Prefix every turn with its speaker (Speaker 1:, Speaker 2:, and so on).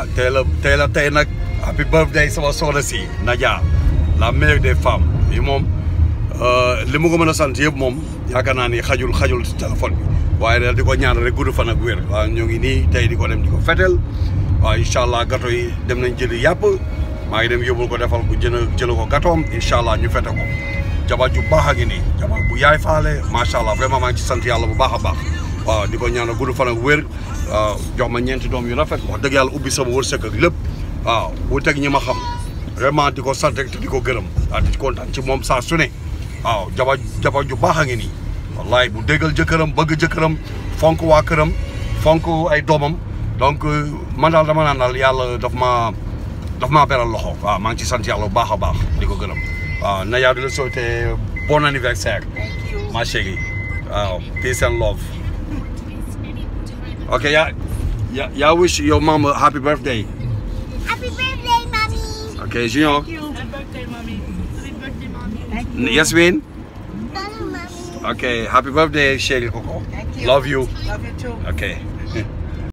Speaker 1: ah tey la tey la tey nag happy birthday sama soxna si Nadia la meilleure des femmes yi moom euh, li mu ko mën a sant yëpp moom yaakaar naa ni xajul xajul téléphone bi waaye daal di ko ñaan rek gudd fan ak wér waaw ñoo ngi nii tey di ko dem di ko fetel waaw incha allah gato yi dem nañ jëli yàpp maa ngi dem yóbbul ko defal bu jën jëla ko gatoom incha allah ñu fete ko jabar ju baax a ngi nii jabar bu yaay faale macha allah vraiment maa ngi ci sant yàlla bu baax a baax Ah, waaw ah, ah, di ko ñaanal gudd fan ak wér waaw jox ma ñeenti doom yu rafet wax dëgg yàlla ubbi sama wërsëg ak lépp waaw bu teg ñi ma xam vraiment di ko sante te di ko gërëm daal di kontaan ci moom saa su ne waaw jaba jaba ju baax a ngi nii wallaay bu déggal jëkkëram bëgg jëkkëram ay domam, donc mana daal dama naan daal yàlla daf ma daf maa beral loxo waaw maa ngi ci sant di ko gërëm waaw na yàlla bon anniversaire. thank you peace and love. Okay, yeah, yeah, yeah. Wish your mama happy birthday.
Speaker 2: Happy birthday, mommy.
Speaker 1: Okay, you Thank
Speaker 2: you. Happy birthday, mommy. Happy
Speaker 1: birthday, mommy. Yasmin. Hello, mommy. Okay, happy birthday, Sherry Coco.
Speaker 2: Thank you. Love you. Love you too.
Speaker 1: Okay.